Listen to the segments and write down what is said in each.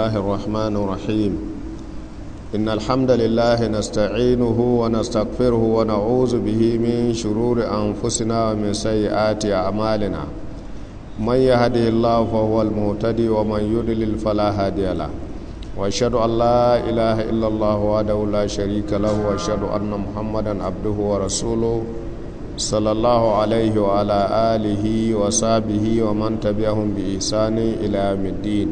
الله الرحمن الرحيم إن الحمد لله نستعينه ونستغفره ونعوذ به من شرور أنفسنا ومن سيئات أعمالنا من يهده الله فهو المهتدي ومن يضلل فلا هادي له واشهد ان لا اله الا الله وحده لا شريك له واشهد ان محمدا عبده ورسوله صلى الله عليه وعلى اله وصحبه ومن تبعهم باحسان الى يوم الدين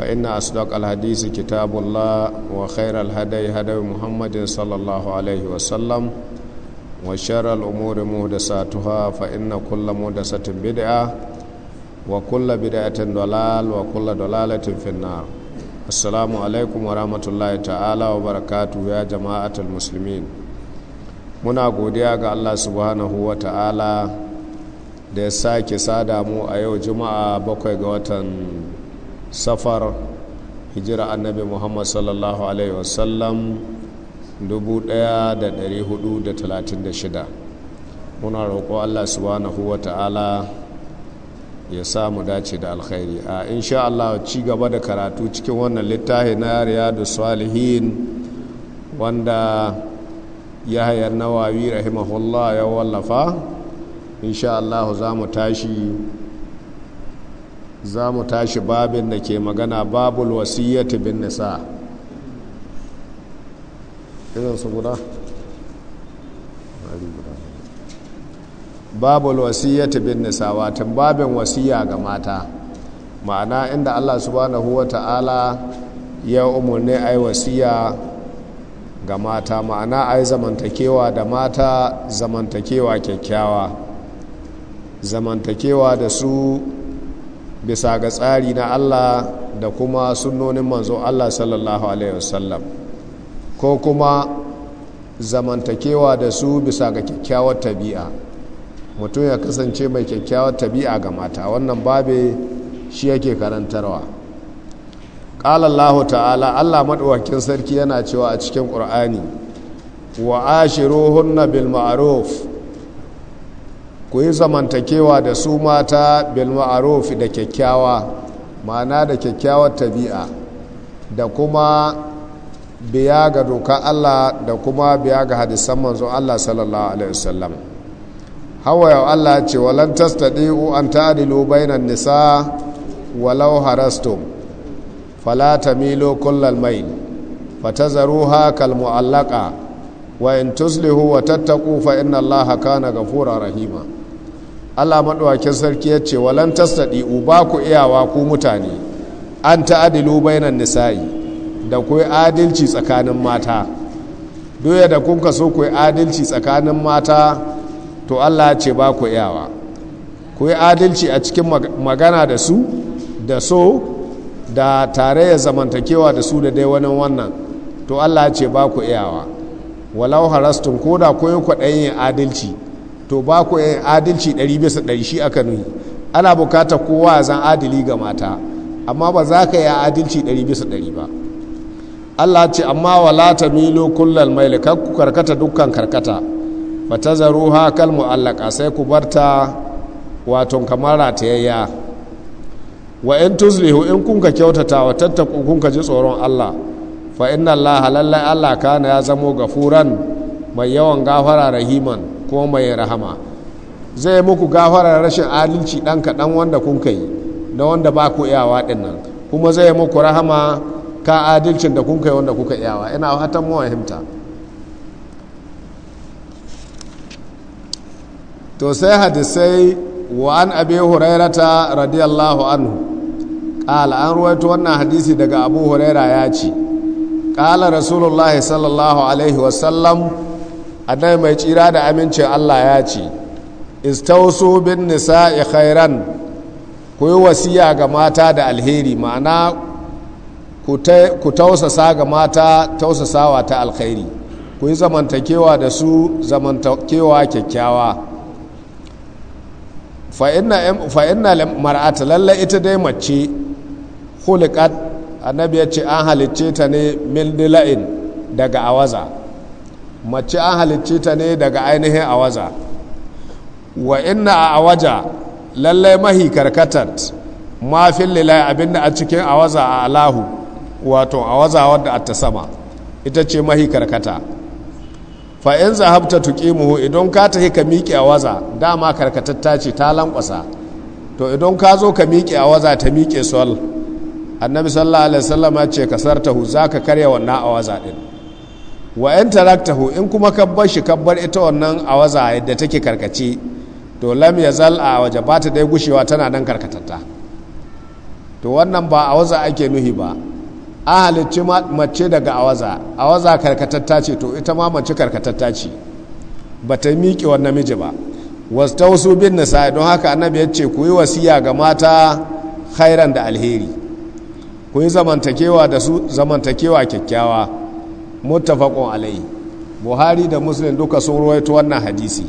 فإن أصدق الحديث كتاب الله وخير الهدي هدي محمد صلى الله عليه وسلم وشر الأمور مهدساتها فإن كل مهدسة بدعة وكل بدعة ضلال وكل ضلالة في النار السلام عليكم ورحمة الله تعالى وبركاته يا جماعة المسلمين muna godiya ga Allah subhanahu wa ta'ala da ya sake sada mu a yau juma'a bakwai ga watan safar hijira annabi muhammad sallallahu alaihi wasallam 1436 muna roƙo allah subhanahu wa ta'ala ya samu dace da alkhairi a insha allah ci gaba da karatu cikin wannan littafi na da salihin wanda ya hayar nawawi rahimahullah ya wallafa insha allah za mu tashi za mu tashi babin da ke magana babul wasiyyati bin nisa irin su guda babul wasiyyati bin nisa watan babin wasiya ga mata ma'ana inda Allah subhanahu wa ta'ala ya umarni ai wasiya ga mata ma'ana ai zamantakewa da mata zamantakewa kyakkyawa zamantakewa da su bisa ga tsari na Allah da kuma sunnonin manzo Allah sallallahu alaihi wasallam ko kuma zamantakewa da su bisa ga kyakkyawar tabi'a mutum ya kasance mai kyakkyawar tabi'a ga mata wannan babe shi yake karantarwa ƙala Allah ta'ala Allah maɗaukakin sarki yana cewa a cikin ƙur'ani wa ashiruhunna bil ma'ruf ku yi zamantakewa da su mata bilma'arofi da kyakkyawa ma'ana da kyakkyawar tabi'a da kuma biya ga doka Allah da kuma biya ga hadisan manzo Allah sallallahu alaihi wasallam hawaya Allah ce walan tastadi'u an ta'dilu bainan nisa walau harastum fala tamilu kullal mail fatazaruha kal mu'allaqa wa in tuslihu wa tattaqu fa inna Allaha kana rahima Allah maɗaukakin sarki ya ce walan tasadi uba ku iyawa ku mutane an ta'adilu bainan nisa'i da ku adalci tsakanin mata doya da kun ka so ku adalci tsakanin mata to Allah ce ba ku iyawa ku yi adalci a cikin magana da su da so da tare ya zamantakewa da su da dai wani wannan to Allah ce ba ku iyawa walau harastun ko da kun yi kwaɗayin adalci to ba ku yin eh, adalci 100 shi aka nuni ana bukata kowa zan adali ga mata amma ba za ka yi adalci 100 ba Allah ce amma wala ta milo kullal mai ku karkata dukkan karkata ba ta zaro ha kal mu'allaka sai ku barta wato kamar ratayayya wa in tuzlihu in kun ka kyautata wa tattaku kun ka ji tsoron Allah fa inna Allah lallai Allah kana ya zamo gafuran mai yawan gafara rahiman ko mai rahama zai muku gafarar rashin adalci ɗan kaɗan wanda kun kai da wanda ba ku iyawa ɗinnan kuma zai muku rahama ka adalcin da kun kai wanda kuka iyawa ina hatan mu fahimta to sai hadisai wa an abi hurairata radiyallahu anhu qala an ruwaito wannan hadisi daga abu huraira ya ce qala rasulullahi sallallahu alaihi wasallam annabi mai tsira da amincin Allah ya ce istausu bin nisa'i khairan ku yi wasiya ga mata da alheri ma'ana ku tausasa ga mata tausasawa ta alkhairi ku yi zamantakewa da su zamantakewa kyakkyawa fa'inna mar'ata lalla ita dai mace hulikat annabi ya ce an halicce ta ne mil dila'in daga awaza mace an halicci ta ne daga ainihin awaza wa inna a awaja lallai mahi karkatat ma lilai abinda a cikin awaza a alahu wato awaza wadda ta sama ita ce mahi karkata fa in zahabta tuqimuhu idan ka tahi ka miƙe awaza dama karkatatta ce ta lankwasa to idan ka zo ka miƙe awaza ta miƙe sol annabi sallallahu alaihi wasallam ya ce kasartahu zaka karya wannan awaza din wa yan taraktahu in kuma kabbar shi kabbar ita wannan a waza yadda take karkace to lam ya zal a waje ba ta dai gushewa tana nan karkatatta to wannan ba a waza ake nuhi ba a halicci mace daga awaza awaza karkatatta ce to ita ma mace karkatatta ce ba ta miƙe wa namiji ba wasu ta wasu bin nisa don haka annabi ya ce ku yi wasiya ga mata khairan da alheri ku yi zamantakewa da su zamantakewa kyakkyawa muttafaqun alayhi buhari da muslim duka sun ruwaito wannan hadisi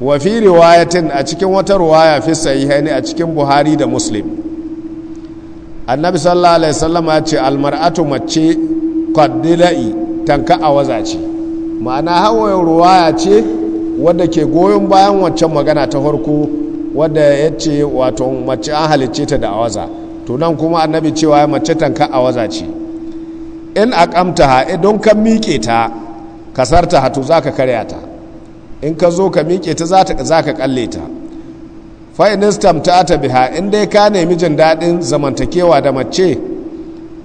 wa fi riwayatin a cikin wata ruwaya fi sahihaini a cikin buhari da muslim annabi sallallahu alaihi wasallam ya ce almar'atu mace qaddilai tanka awaza ce ma'ana hawaye ruwaya ce wadda ke goyon bayan wancan magana ta farko wadda ya ce wato mace an halicce ta da awaza to nan kuma annabi cewa mace tanka awaza ce in a akamtaha idan eh, ka miƙe ta kasar ta hatu za ka karya ta in ka zo ka miƙe ta za ka kalle ta fa'inistam ta ta biha in dai ka nemi jin daɗin zamantakewa da mace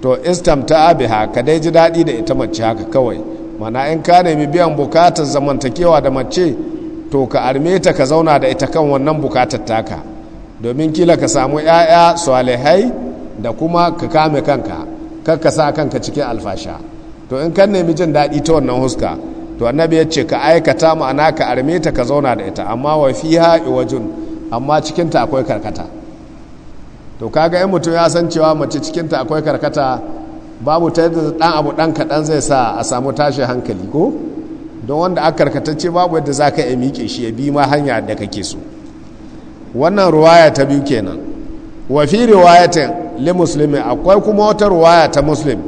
to istam ta biha ka dai ji daɗi da ita mace haka kawai mana in ka nemi biyan bukatar zamantakewa da mace to ka arme ta ka zauna da ita kan wannan bukatar taka domin kila ka samu 'ya'ya salihai da kuma ka kame kanka kakka sa kanka cikin alfasha to in kan nemi jin daɗi ta wannan huska to annabi ya ce ka aikata ma'ana ka arme ta ka zauna da ita amma wa fiha iwajun amma cikin ta akwai karkata to kaga in mutum ya san cewa mace cikin ta akwai karkata babu ta yadda dan abu dan kaɗan zai sa a samu tashi hankali ko don wanda aka karkatacce babu yadda zaka iya miƙe shi ya bi ma hanya da kake so wannan ruwaya ta biyu kenan wa fi riwayatin li muslimi akwai kuma wata ruwaya ta muslim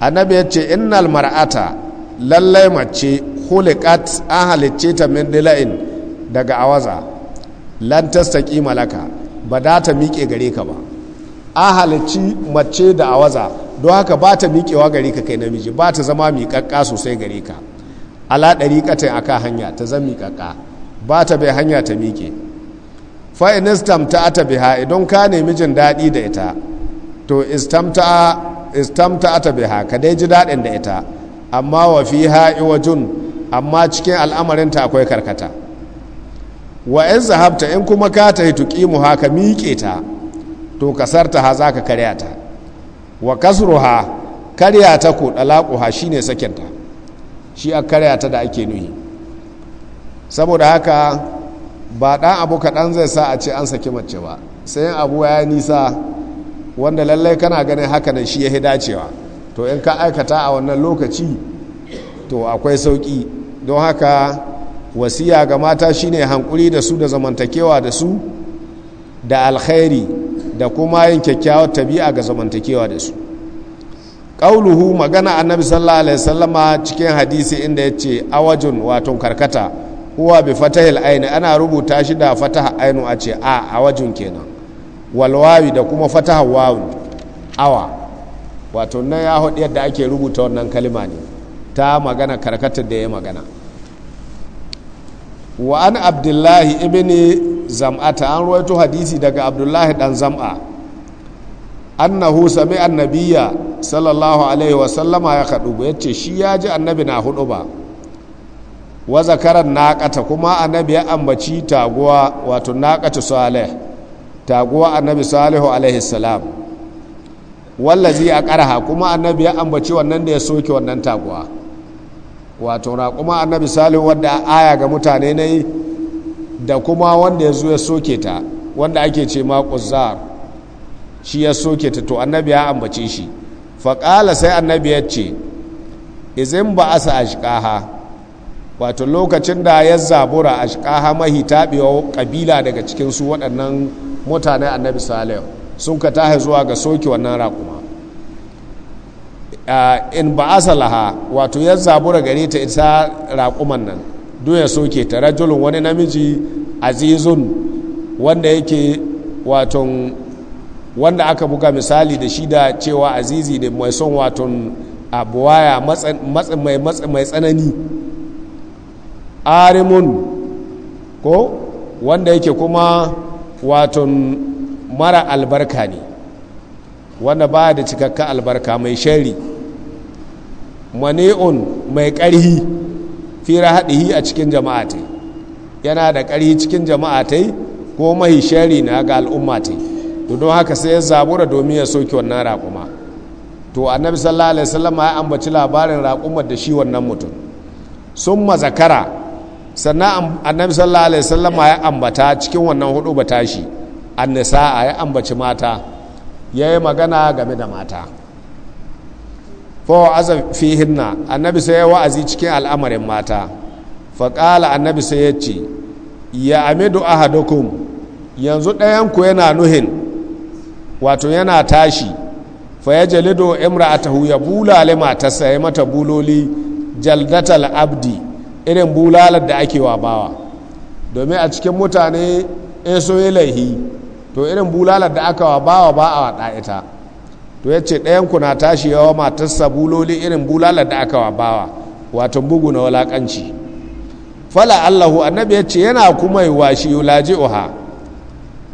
annabi ya ce innal mar'ata lallai mace hulikat an halicce ta min dila'in daga awaza lan tastaqi malaka ba da ta miƙe gare ka ba an halicci mace da awaza don haka ba ta miƙewa gare ka kai namiji ba ta zama miƙaƙƙa sosai gare ka ala ɗariƙatin aka hanya ta zama miƙaƙƙa ba ta bai hanya ta miƙe fa istamta istamta'ata biha idan ka nemi jin daɗi da ita to istamta istamta'ata biha ka dai ji daɗin da ita amma wa iwa jun amma cikin al'amarinta akwai karkata wa zahabta in kuma ka ta mu haka miƙe ta to kasar ta ha ka karya ta wa ha karya ta ko shi ne sakinta shi a karya ta da ake nuhi saboda haka ba ɗan abu kaɗan zai sa a ce an saki mace ba sai abu ya nisa wanda lallai kana ganin haka nan shi ya dacewa to in ka aikata a wannan lokaci to akwai sauƙi don haka wasiya ga mata shine hankuri da su da zamantakewa da su da alkhairi da kuma yin kyakkyawar tabi'a ga zamantakewa da su ƙauluhu magana annabi sallallahu alaihi wasallama cikin hadisi inda ya ce awajun wato karkata huwa bi fatahil aini ana rubuta shi da fataha ainu a ce a a wajin kenan walwawi da kuma fataha wawu awa wato nan ya hudu yadda ake rubuta wannan kalima ne ta magana karkatar da ya magana wa an abdullahi ibn zam'ata an ruwaito hadisi daga abdullahi dan zam'a annahu sami annabiya sallallahu alaihi wasallama ya kaɗu ya ce shi ya ji annabi na hudu ba wa zakarar naƙata kuma annabi ya ambaci taguwa wato naƙata salih taguwa annabi salihu alaihi salam wallazi a ƙarha kuma annabi ya ambaci wannan da ya soke wannan taguwa wato na kuma annabi salihu wadda aya ga mutane ne da kuma wanda ya zo ya soke ta wanda ake ce ma kuzzar shi ya soke ta to annabi ya ambace shi faƙala sai annabi ya ce izin ba asa ashqaha wato lokacin da ya zabura a shiƙaha mahi taɓewa ƙabila daga cikinsu waɗannan mutane annabi salihu sun ka tahi zuwa ga soke wannan raƙuma ah, in ba asalaha wato ya zabura gare ta isa raƙuman nan duk ya soke ta rajulun wani namiji azizun wanda yake waton wanda aka buga misali da shi da cewa azizi ne mai son waton abuwaya ah, mai tsanani arimun ko wanda yake kuma waton mara albarka ne wanda ba da cikakka albarka mai shari mani'un mai ƙarhi fira haɗihi a cikin jama'atai yana da ƙarhi cikin jama'atai ko mai shari na ga al'ummatai to don haka sai ya zabura domin ya soke wannan raƙuma to annabi sallallahu alaihi wasallam ya ambaci labarin raƙumar da shi wannan mutum sun mazakara sannan annabi sallallahu alaihi wasallam ya ambata cikin wannan hudu ba tashi annisa ya ambaci mata yayi magana game da mata fa azab fihinna annabi sai ya wa'azi cikin al'amarin mata fa qala annabi sai ya ce ya amidu ahadukum yanzu ɗayan ku yana nuhin wato yana tashi fa ya jalido imra'atahu ya bulale mata ya mata buloli jaldatal abdi irin bulalar da ake wa bawa domin a cikin mutane in so yi laihi to irin bulalar da aka wa bawa ba a waɗa ita to ya ce ɗayanku na tashi yawa matarsa buloli irin bulalar da aka wa bawa wato bugu na walaƙanci fala allahu annabi ya ce yana kuma yi washi yulaji uha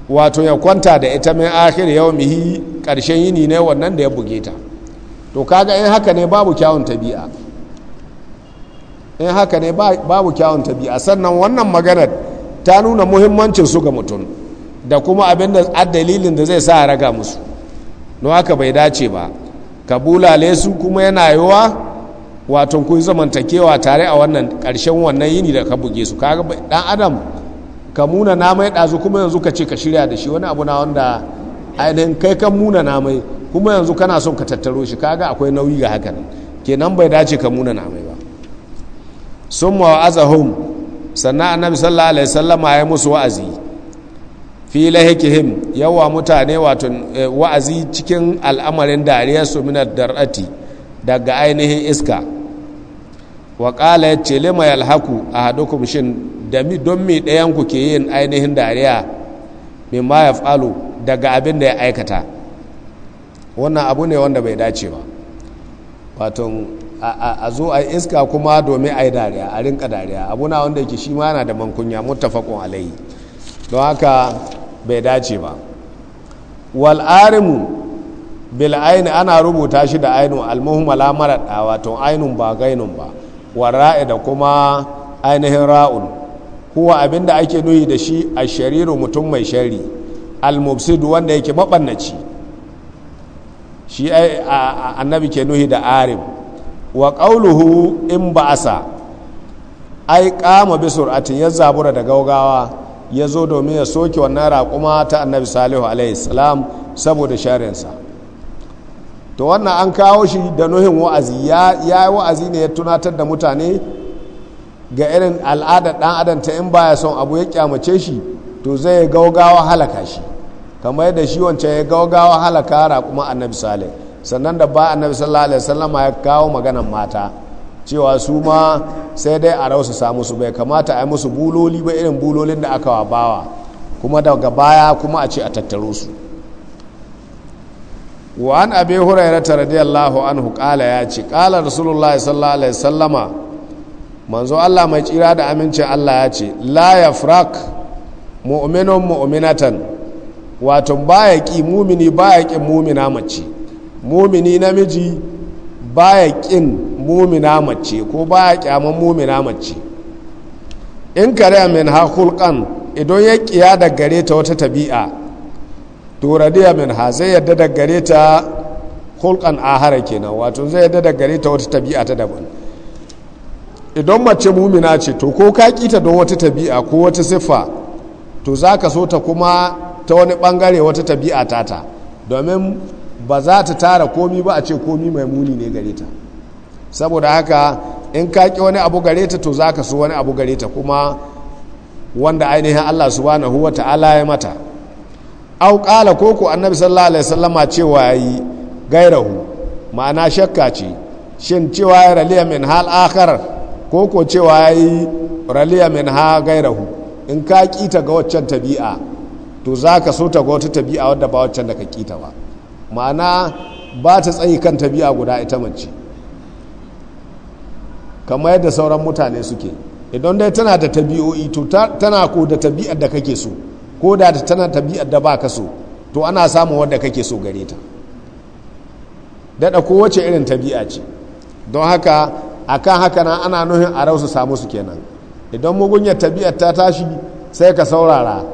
wato ya kwanta da ita mai akhir yau mihi ƙarshen yini ne wannan da ya buge ta to kaga in haka ne babu kyawun tabi'a in eh, haka ne babu kyawun tabi'a sannan wannan maganar ta nuna muhimmancin su ga mutum da kuma abin da dalilin da zai sa a raga musu no haka bai dace ba ka bulale su kuma yana yiwa wato kun zamantakewa tare a wannan ƙarshen wannan yini da ka buge su kaga dan adam ka muna namai ɗazu kuma yanzu ka ce ka shirya da shi wani abu na wanda ainihin kai kan muna namai kuma yanzu kana son ka tattaro shi kaga akwai nauyi ga hakan kenan bai dace ka muna namai sun wa'azahum sannan annabi sallallahu alaihi sallama ya musu wa'azi fi lahikihim yawa mutane wato eh, wa'azi cikin al'amarin dariya su minar dar'ati daga ainihin iska wa kala yace ce lima yalhaku a hadukum shin don mi ɗayanku ke yin ainihin dariya min ma ya falo daga abin da ya aikata wannan abu ne wanda bai dace ba wato a zo a iska kuma domin a yi dariya a rinka dariya abuna wanda yake shi ma yana da mankunya mutafakun alayi don haka bai dace ba Wal'arimu bil'aini ana rubuta shi da ainihin almuhim alamar da wato ainihin ba gainun ba wara'i da kuma ainihin ra'un abin abinda ake nuhi da shi a shariru mutum mai shari al wanda yake mabannaci shi annabi ke nuhi da arim wa ƙauluhu in ba'asa ai ƙama bi sur'atin ya zabura da gaugawa ya zo domin ya soke wannan raƙuma ta annabi salihu alaihi salam saboda sharinsa to wannan an kawo shi da nuhin wa'azi ya yi wa'azi ne ya tunatar da mutane ga irin al'adar ɗan adam ta in ya son abu ya kyamace shi to zai gaugawa halaka shi kamar yadda shi wancan ya gaugawa halaka raƙuma annabi salihu sannan da ba annabi sallallahu alaihi wasallam ya kawo maganan mata cewa su ma sai dai a rausa samu su bai kamata a yi musu buloli ba irin bulolin da aka wabawa. bawa kuma daga baya kuma a ce a tattaro su wa an abi ta radiyallahu anhu kala ya ce kala rasulullah sallallahu alaihi wasallama manzo Allah mai tsira da amincin Allah ya ce la yafrak mu'minun mu'minatan wato baya ki mumini baya ki mumina mace mumini namiji baya kin mumina mace ko baya kyaman mumina mace in kare min ha hulkan idan ya kiya da gare ta wata tabi'a to radiya min ha zai yadda da gare ta hulkan hara kenan wato zai yadda da gare ta wata tabi'a ta daban idan mace mumina ce to ko ka kita don wata tabi'a ko wata siffa to za ka so ta kuma ta wani bangare wata tabi'a ta domin ba za ta tara komi ba a ce komi mai muni ne gare ta saboda haka in ka wani abu gare ta to za ka so wani abu gare ta kuma wanda ainihin Allah bane huwa ta'ala ya mata au ko koko annabi sallallahu alaihi wasallama cewa yayi gairahu ma'ana shakka ce shin cewa ya raliya min hal akhar koko cewa yayi raliya min ha gairahu in ka kita ga waccan tabi'a to za ka so ta ga wata tabi'a wadda ba waccan da ka kita ba ma'ana ba ta tsayi kan tabi'a guda ita mace kamar yadda sauran mutane suke idan dai tana da tabi'o'i to tana ko da tabi'ar da kake so ko da tana tabi'ar da ba ka so to ana samun wadda kake so gare ta daɗa kowace irin tabi'a ce don haka a kan haka nan ana nuhin a rausu samu su kenan idan mugunyar tabi'ar ta tashi sai ka saurara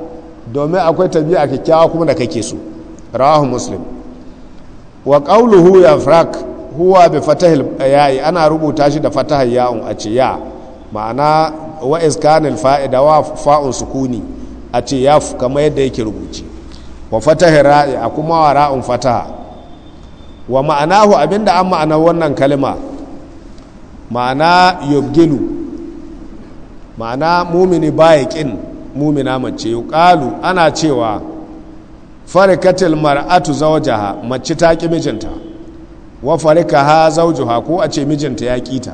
domin akwai tabi'a kyakkyawa kuma da kake so rawahu muslim wa huya frak huwa bi fatahil yayi ana rubuta shi da fatahar ya'un a ce ya ma'ana wa iskanil fa'ida wa fa'un sukuni a ce ya kamar yadda yake rubuci wa fatahir ra'i a kuma wa ra'un fataha wa ma'anahu abinda an ma'anar wannan kalma ma'ana yubgilu ma'ana mumini baya kin mumina mace yuqalu ana cewa farikatil mar'atu zawjaha mace ta ki mijinta wa farikaha zawjaha ko a ce mijinta ya kita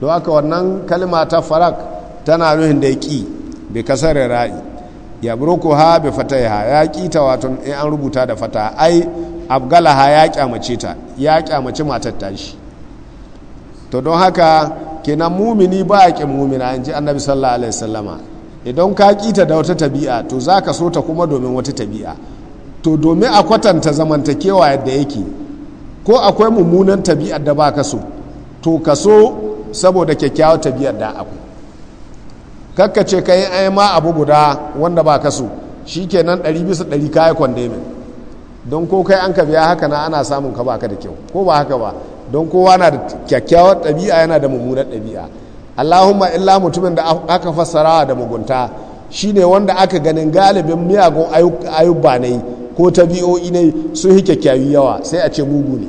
don haka wannan kalma ta farak tana nuhin da ya ki bi kasar ra'i ya buruku ha bi fataiha ya kita wato in an rubuta da fata ai abgalaha ya kyamace ta ya kyamace matar shi to don haka kenan mumini ba a mumina in ji annabi sallallahu alaihi wasallama idan ka kita da wata tabi'a to zaka so ta kuma domin wata tabi'a to domin a kwatanta zamantakewa yadda yake ko akwai mummunan tabi'ar da ba ka so to ka so saboda kyakkyawar tabi'ar da akwai kakka ce ka yi aima abu guda wanda ba ka so shi kenan 100 bisa 100 kayi kwandemin don ko kai an ka biya haka na ana samun ka baka da kyau ko ba haka ba don kowa na da kyakkyawar ɗabi'a yana da mummunar ɗabi'a allahumma illa mutumin da aka fassarawa da mugunta shine wanda aka ganin galibin miyagun ayyuba ne ko tabi'o'i ne sun yi kyakkyawi yawa sai a ce mugu ne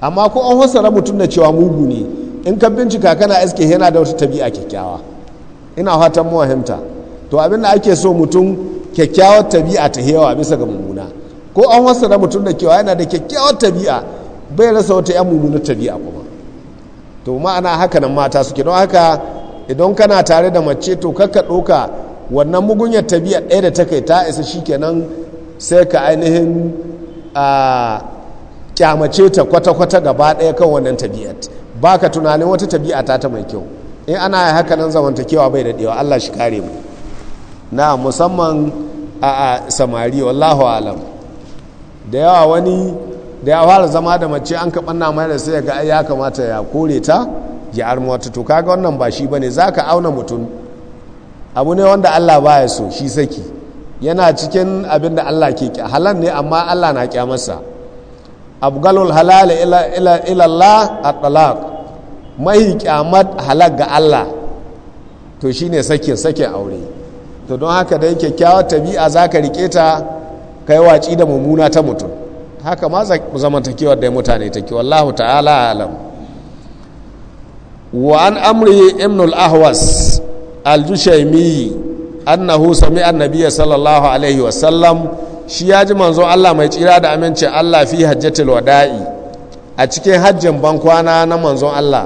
amma ko an fassara mutum da cewa mugu ne in ka bincika kana iske yana da wata tabi'a kyakkyawa ina fatan muhimta to abin da ake so mutum kyakkyawar tabi'a ta yawa bisa ga mummuna ko an fassara mutum da cewa yana da kyakkyawar tabi'a bai rasa wata yan mummunar tabi'a kuma to ma'ana haka nan mata suke don haka idan kana tare da mace to kakka ɗoka. wannan mugunyar tabi'a ɗaya da ta kai ta isa shi shikenan sai ka ainihin a kyamace ta kwata-kwata gaba ɗaya kan wannan tabi'at ba ka tunanin wata tabi'a ta ta mai kyau in ana haka nan zamantakewa bai daɗewa allah shi kare mu na musamman a samari wallahu alam da yawa wani da ya fara zama da mace an ka ɓanna mai da sai ga ya kamata ya kore ta ya armu wata to kaga wannan ba shi bane ka auna mutum abu ne wanda Allah baya so shi saki yana cikin abin da Allah ke kya halal ne amma Allah na kya masa abgalul halal ila Allah at-talaq mai kyamat halal ga Allah to shine sake sake aure to don haka dai kyakkyawar tabi'a zaka rike ta kai waci da mummuna ta mutum haka ma kewar da mutane take wallahu ta'ala alam wa an amri ibn al-ahwas al-jushaymi annahu sami annabiya sallallahu alaihi wasallam shi ya ji manzon Allah mai tsira da amince Allah fi hajjatul wada'i a cikin hajjin bankwana na manzon Allah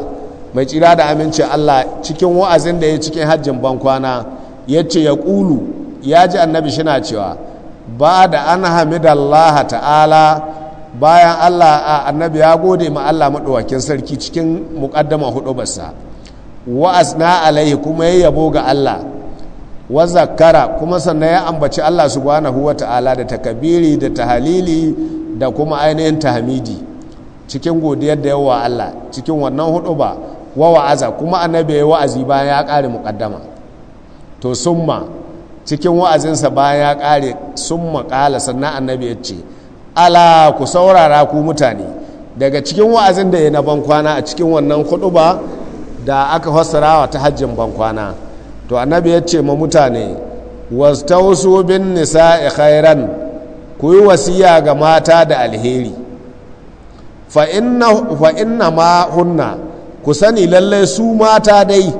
mai tsira da amincin Allah cikin wa'azin da ya cikin hajjin bankwana ya ce ya ƙulu ya ji annabi shina cewa ba da an hamidallah ta'ala bayan Allah a annabi ya gode ma Allah maɗaukakin sarki cikin muƙaddama hudu basa na alaihi kuma ya yabo ga Allah wa zakara kuma sannan ya ambaci Allah su subhanahu wa ta'ala da takabiri da tahalili da kuma ainihin tahmidi cikin godiyar da yawa Allah cikin wannan hudu ba wa wa'aza kuma annabi ya wa'azi bayan ya kare muqaddama to summa cikin wa'azinsa bayan ya kare summa kala sannan annabi ya ce ala ku saurara ku mutane daga cikin wa'azin da ya na bankwana a cikin wannan hudu ba da aka fassara ta hajjin bankwana to annabi ya ce ma mutane wasu bin nisa'i khairan ku yi wasiya ga mata da alheri fa ma hunna ku sani lallai su mata dai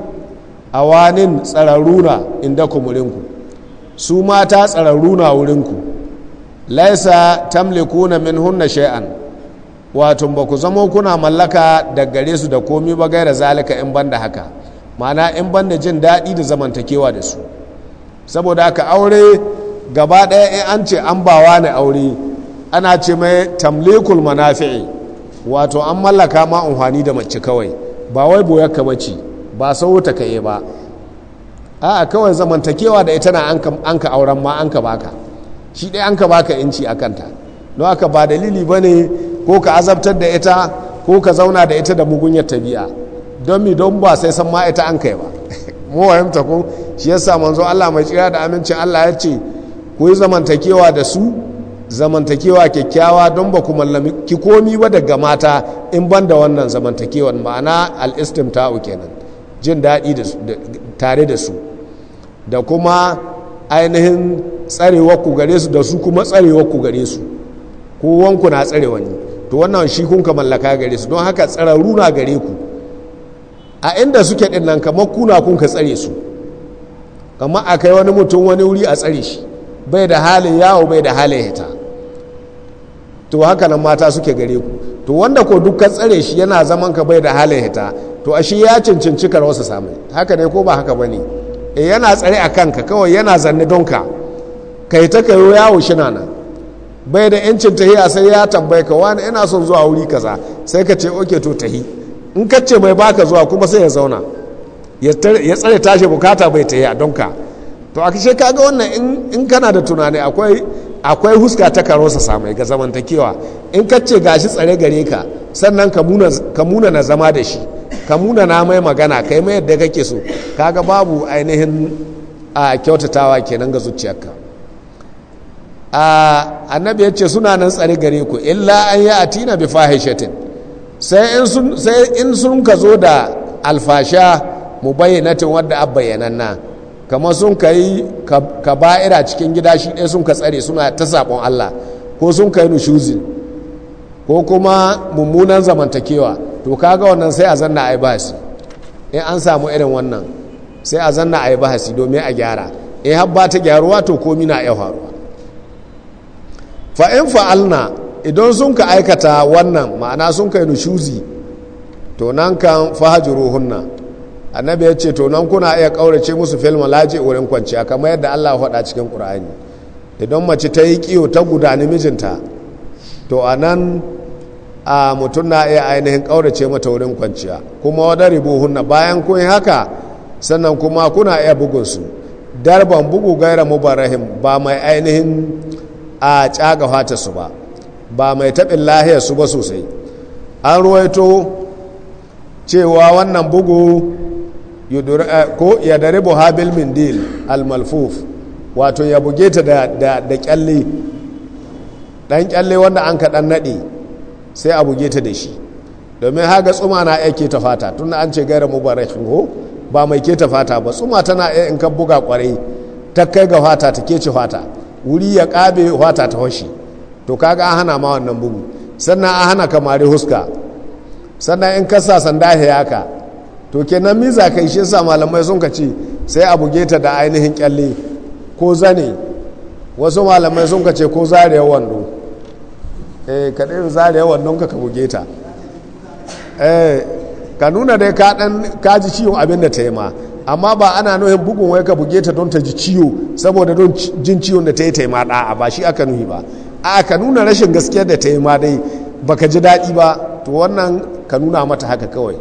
a wanin tsararruna inda kumurinku su mata tsararruna wurinku laisa na min hunna shay'an wato ba ku zamo kuna mallaka da gare su da komi ba gaira zalika in banda haka mana in banda jin daɗi da zamantakewa da su saboda aka aure gaba ɗaya in an ce an bawa na aure ana ce mai tamlekul manafi'i wato an mallaka ma unhani da mace kawai ba wai ka mace ba sau ta kaye ba a'a kawai zamantakewa da ita na an ka auren ma an ka baka shi ɗaya an ka baka inci a kanta don aka ba dalili ba ne ko ka azabtar da ita ko ka zauna da ita da mugunyar tabi'a don mi don ba sai san ma'aita an kai ba mu fahimta shi shi sa manzo Allah mai tsira da amincin Allah ya ce ku yi zamantakewa da su zamantakewa kyakkyawa don ba ku mallami ki komi ba daga mata in ban da wannan zamantakewan ma'ana al ta'u kenan jin daɗi tare da su da kuma ainihin tsarewa ku gare su da su kuma tsarewa ku gare su kowanku na tsarewa ne to wannan shi kun ka mallaka gare su don haka tsararru na gare ku a inda suke ɗin nan kamar kuna kun ka tsare su kamar a kai wani mutum wani wuri a tsare shi bai da halin yawo bai da halin hita to haka nan mata suke gare ku to wanda ko dukkan tsare shi yana zaman ka bai da halin hita to a shi ya cancanci wasu samu haka ne ko ba haka bane eh yana tsare a kanka kawai yana zanne don ka kai ta kayo yawo shi nan bai da yancin tahiya sai ya tambaye ka wani ina son zuwa wuri kaza sai ka ce oke to tahi in ka ce mai baka zuwa kuma sai ya zauna ya tsare tashi bukata bai ta yi a donka to a kashe kaga wannan in kana da tunani akwai huska ta karosa samai ga zamantakewa in ka ce gashi tsare gare ka sannan ka muna na zama da shi ka muna na mai magana kai mai yadda kake so kaga babu ainihin a kyautatawa kenan ga zuciyarka annabi ya ce suna nan tsare gare ku illa an yi atina bi fahishatin sai in sun ka zo da alfasha mu bayyanatin wadda a bayyananna kama sun ka yi ba'ira cikin gida shi ɗaya sun ka tsare suna ta saɓon allah ko sun ka yi nushuzin ko kuma mummunan zamantakewa to kaga wannan sai a zanna a yi bahasi in an samu irin wannan sai a zanna a yi bahasi domin a gyara in habba ta gyaruwa to komi na iya faruwa fa'in fa'alna idan sun ka aikata wannan ma'ana sun kai nushuzi to nan kan fahajuruhunna annabi ya ce to nan kuna iya ƙaurace musu filma laje wurin kwanciya kamar yadda Allah faɗa cikin kur'ani idan mace ta yi kiyo ta gudani mijinta to a nan, a mutum na iya ainihin ƙaurace mata wurin kwanciya kuma wadda ribuhunna bayan kun yi haka sannan kuma kuna iya bugunsu. darban bugu gaira mubarahim ba mai ainihin a caga ta su ba ba mai taɓin lahiyar su ba sosai an ruwaito cewa wannan bugu eh, ko ya dare buhabil mindil almalfuf wato ya buge ta da kyalle ɗan kyalle wanda an kaɗan naɗe sai a buge ta da shi domin haga tsuma na iya keta fata tun an ce gaira mubarakin ho ba mai keta fata ba tsuma tana iya in ka buga kwarai ta kai ga fata ta kece fata wuri ya ƙabe fata ta hoshi to kaga an hana ma wannan bugu sannan an hana kamari huska sannan in kasa sanda hayaka to kenan miza ka ishe sa malamai sun ka ce sai a buge ta da ainihin kyalle ko zane wasu malamai sun ka ce ko zariyar wando eh ka ɗin zariyar wandon ka ka buge ta eh ka nuna dai ka ɗan ka ji ciwon abin da ta yi ma amma ba ana nuhin bugun wai ka buge ta don ta ji ciwo saboda don jin ciwon da ta yi ta yi ma ɗa'a ba shi aka nuhi ba a ka nuna rashin gaskiyar da ta yi ma dai baka ji daɗi ba to wannan ka nuna mata haka kawai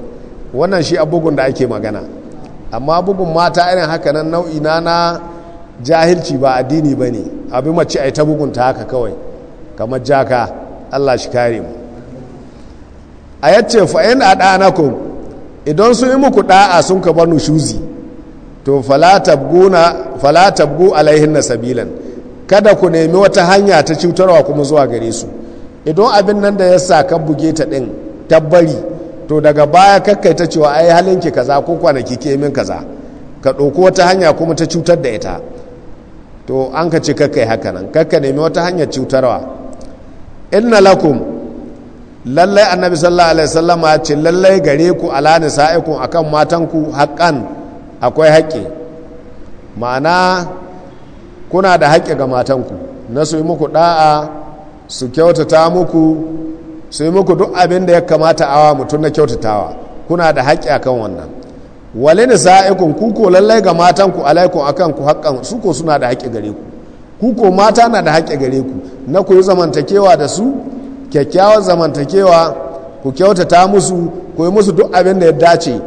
wannan shi bugun da ake magana amma bugun mata irin haka nan nau'i na na jahilci ba addini ba ne abi mace a yi ta bugun ta haka kawai kamar jaka allah shi kare mu a yace fa'in a ɗanakun idan sun yi muku ɗa'a sun ka bar nushuzi to falatabgu alaihin na sabilan kada ku nemi wata hanya ta cutarwa kuma zuwa gare su idan abin nan da ya sa ka buge ta ɗin tabbari to daga baya ta cewa ai halinki kaza ko kwanaki ke min kaza ka ɗauko wata hanya kuma ta cutar da ita to an ka ce kakkai haka nan kakka nemi wata hanya cutarwa inna lakum lallai annabi sallallahu alaihi wasallama ya ce lallai gare ku ala nisaikum akan matanku haƙƙan akwai haƙƙi ma'ana kuna da haƙƙi ga matanku na su yi muku ɗa'a su kyautata muku su yi muku duk abin da ya kamata awa mutum na kyautatawa kuna da haƙƙi a kan wannan wale ne sa'ikun kuko lallai ga matanku alaikun akan ku haƙƙan su ko suna da haƙƙi gare ku kuko mata na da haƙƙi gare ku na ku yi zamantakewa da su kyakkyawar zamantakewa ku kyautata musu ku yi musu duk abin da ya dace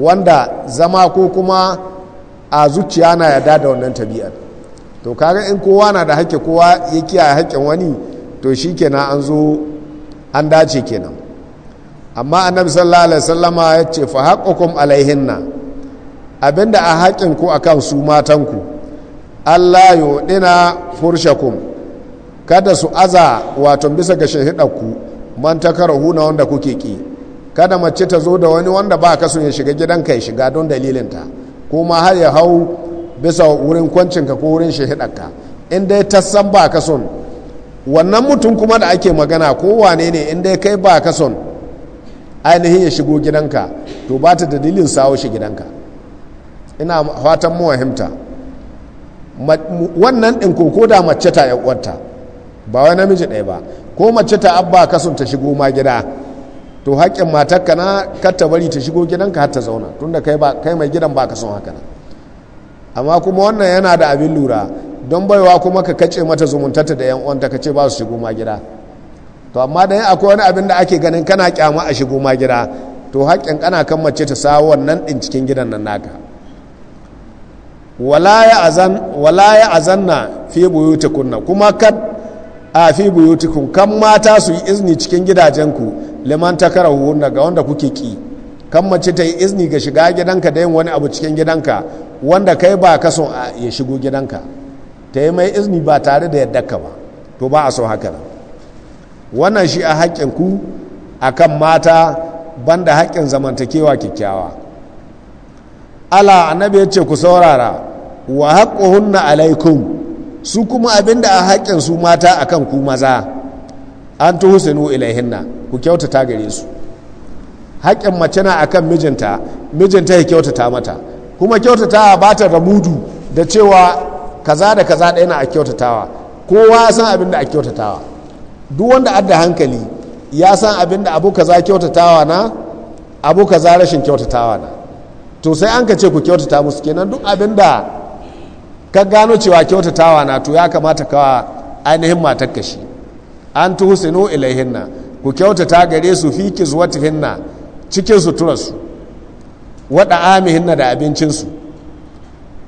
wanda zama ko kuma a zuciya na yarda da wannan tabi'ar to kaga in kowa na da haƙƙi kowa ya kiyaye haƙƙin wani to shi kenan an zo an dace kenan amma annabi sallallahu alaihi wasallama ya ce fa haqqukum alaihinna abinda a haƙƙin ku akan su matan ku Allah dina furshakum kada su aza wato bisa ga ku, man takarahu na wanda kuke ki kada mace ta zo da wani wanda ba ka so ya shiga gidanka ya shiga don dalilinta kuma har ya hau bisa wurin kwancinka ko wurin shahidarka in dai tassan ba ka son wannan mutum kuma da ake magana ko wane ne in dai kai ba ka son ainihin ya shigo gidanka to ba ta dalilin sawo shi gidanka ina fatan mu wahimta wannan ɗin ko da mace ta uwarta ba wai namiji ɗaya ba ko mace ta abba ka son ta shigo ma gida to haƙƙin matarka na kar ta bari ta shigo gidanka har ta zauna tunda kai mai gidan ba ka son haka na. amma kuma wannan yana da abin lura don baiwa kuma ka kace mata zumuntata da yan uwanta ka ce ba su shigo ma gida to amma da akwai wani abin da ake ganin kana kyama a shigo ma gida to haƙƙin kana kan mace ta sa wannan ɗin cikin gidan nan naka wala ya azanna fi buyutikunna kuma kad a fi buyutikun kan mata su yi izini cikin gidajenku liman takarahu ga wanda kuke ki kan mace ta yi izini ga shiga gidanka da yin wani abu cikin gidanka wanda kai ba ka so ya shigo gidanka ta yi mai izini ba tare da yadda ka ba to ba a so haka nan wannan shi a haƙƙinku a kan mata banda haƙƙin zamantakewa kyakkyawa ala annabi ya ce ku saurara wa haƙƙuhunna alaikum su kuma abinda a haƙƙin su mata a kan ku maza an tuhu sinu ilaihinna ku kyautata gare su haƙƙin mace na akan mijinta mijinta ya kyautata mata kuma kyautatawa ba ta da mudu da cewa kaza da kaza ɗaya na a kyautatawa kowa ya san abin da a kyautatawa duk wanda adda hankali ya san abin da abu kaza kyautatawa na abu kaza rashin kyautatawa na to sai an ka ce ku kyautata musu kenan duk abin da ka gano cewa kyautatawa na to ya kamata ka ainihin matar kashi an tuhusinu ilaihinna ku kyautata gare su fi ki zuwa tihinna cikin suturarsu waɗa amihin da abincinsu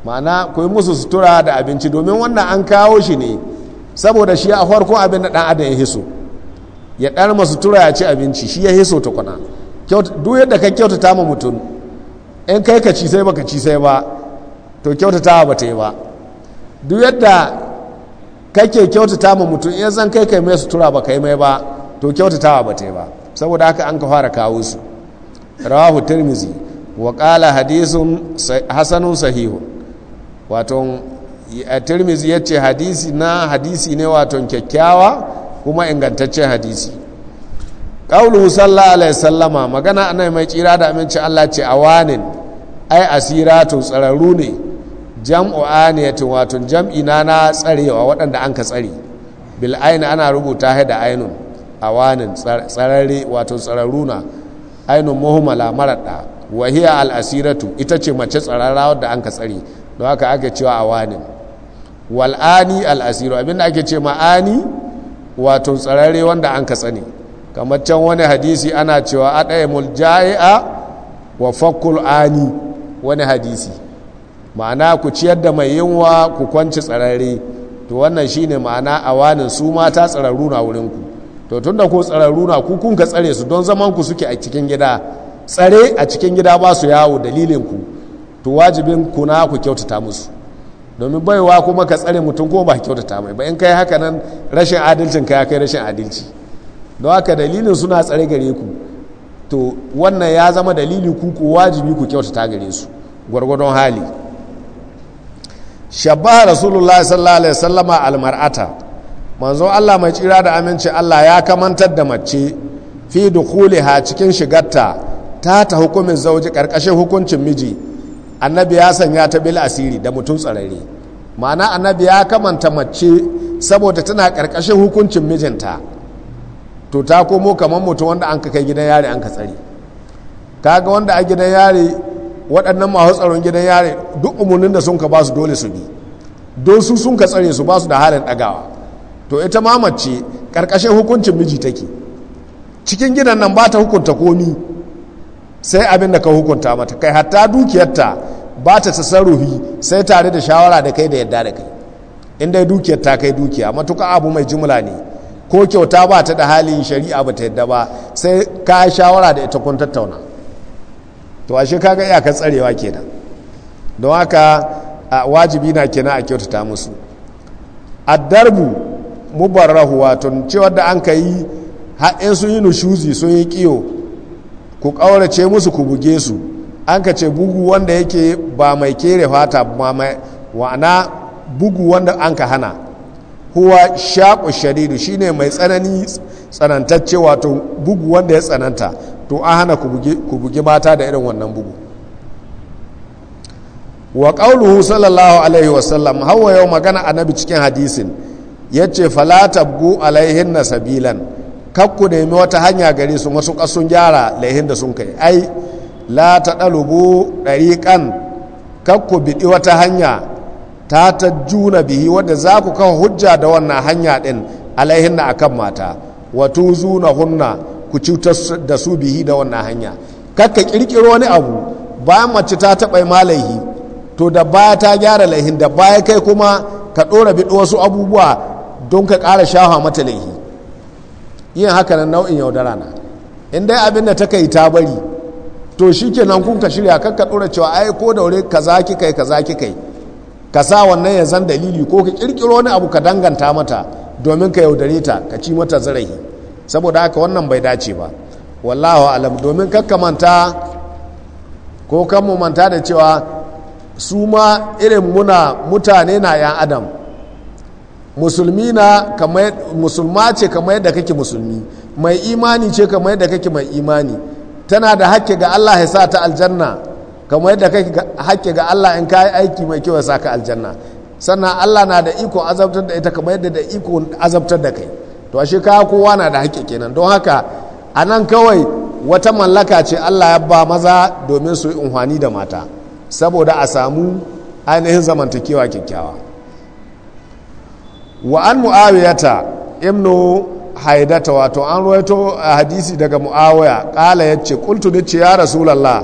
ma'ana ku yi musu sutura da abinci domin wannan an kawo shi ne saboda shi a farko abin da ɗan adam ya hiso ya ɗan masu tura ya ci abinci shi ya hiso tukuna duk yadda ka kyautata ma mutum in kai ka ci sai baka ci sai ba to kyautata ba ta yi ba duk yadda kake kyautata ma mutum in zan kai kai mai sutura ba kai mai ba to kyautata ba ta yi ba saboda haka an ka fara kawo su rawahu tirmizi wa ƙala hadisun hasanun sahihu wato tirmizi ya ce hadisi na hadisi ne wato kyakkyawa kuma ingantaccen hadisi Ƙaulu sallallahu alaihi sallama magana ana mai tsira da aminci allah ce a wanin ai asiratu tsararru ne jam'u aniyatin wato jam'i na na tsarewa waɗanda an ka tsare bil aini ana rubuta haida ainun a wanin tsararre wato tsararru na ainun muhimmala marar wahiya al'asiratu ita ce mace tsararra wadda an ka tsare don haka ake cewa a wani wal'ani al'asiru abinda ake ce ma'ani wato tsararre wanda an ka tsani. kamar can wani hadisi ana cewa a ɗaya a wa fakul wani hadisi ma'ana ku ciyar da mai yinwa ku kwanci tsararre to wannan shi ne ma'ana a wani su mata tsararru na wurinku to tun da ku tsararru na ku kun ka tsare su don zaman suke a cikin gida tsare a cikin gida ba su yawo dalilin ku to wajibin ku na ku kyautata musu domin baiwa kuma ka tsare mutum ko ba kyautata mai ba in kai haka nan rashin adalcin ka ya kai rashin adalci don haka dalilin suna tsare gare ku to wannan ya zama dalili ku ko wajibi ku kyautata gare su gwargwadon hali shabba rasulullah sallallahu alaihi wasallama almar'ata manzo Allah mai tsira da aminci Allah ya kamantar da mace fi dukhuliha cikin shigarta ta ta hukumin zauji karkashin hukuncin miji annabi ya sanya ta bil asiri da mutum tsararre ma'ana annabi ya kamanta mace saboda tana karkashin hukuncin mijinta to ta komo kamar mutum wanda an ka kai gidan yare an ka tsari kaga wanda a gidan yare waɗannan masu tsaron gidan yare duk umarnin da sun ka ba su dole su bi don su sun ka tsare su ba su da halin ɗagawa to ita ma mace ƙarƙashin hukuncin miji take cikin gidan nan ba ta hukunta komi sai abin da ka hukunta mata kai hatta dukiyarta ba ta tasarrufi sai tare da shawara da kai da yadda da kai inda dukiyar ta kai dukiya matuka abu mai jimla ne ko kyauta ba ta da halin shari'a ba ta yadda ba sai ka shawara da ita kun tattauna to ashe kaga iyakar tsarewa kenan don haka wajibi na kenan a kyautata musu addarbu mubarrahu wato cewar da an ka yi in sun yi nushuzi sun yi kiyo ku ƙaurace musu ku buge su an ka ce bugu wanda yake ba mai kere fata ba mai wa'ana bugu wanda an ka hana huwa shaƙo shadidu ne mai tsanani tsanantacce wato bugu wanda ya tsananta to an hana ku buge mata da irin wannan bugu wa ƙauluhu sallallahu alaihi wasallam hawa yau magana annabi cikin hadisin ya ce falatabgu alaihin na sabilan kakku nemi wata hanya gare su wasu kasun gyara laihin da sun kai ai la ta dalubu ɗariƙan kakku biɗi wata hanya ta ta juna bihi wadda za ku kawo hujja da wannan hanya ɗin alaihin na akan mata wato zuna hunna ku cutar da su bihi da wannan hanya kakka ƙirƙiro wani abu bayan mace ta taɓa ma laihi to da baya ta gyara laihin da baya kai kuma ka ɗora biɗi wasu abubuwa don ka ƙara shafa mata laihi yin haka nan nau'in yaudara na in dai abin da ta kai ta bari to shi kenan kun ka shirya kan ka ɗora cewa ai ko da wuri ki kai, ka za ki kai, ka sa wannan ya zan dalili ko ka ƙirƙiro wani abu ka danganta mata domin ka yaudare ta ka ci mata zarahi saboda haka wannan bai dace ba wallahu alam domin manta ko kan mu manta da cewa su ma irin muna mutane na 'yan adam musulmi na musulma ce kamar yadda kake musulmi mai imani ce kamar yadda kake mai imani tana da hakke ga Allah ya sa ta aljanna kamar yadda kake hakke ga Allah in kayi aiki mai kyau ya sa ka aljanna sannan Allah na da iko azabtar da ita kamar yadda da iko azabtar da kai to ashe ka kowa na da hakke kenan don haka a nan kawai wata mallaka ce Allah ya ba maza domin su yi unhwani da mata saboda a samu ainihin zamantakewa kyakkyawa wa an mu'awiyata imnu haidata wato an ruwaito hadisi daga mu'awiya kala yace ce kultu ni ce ya rasulallah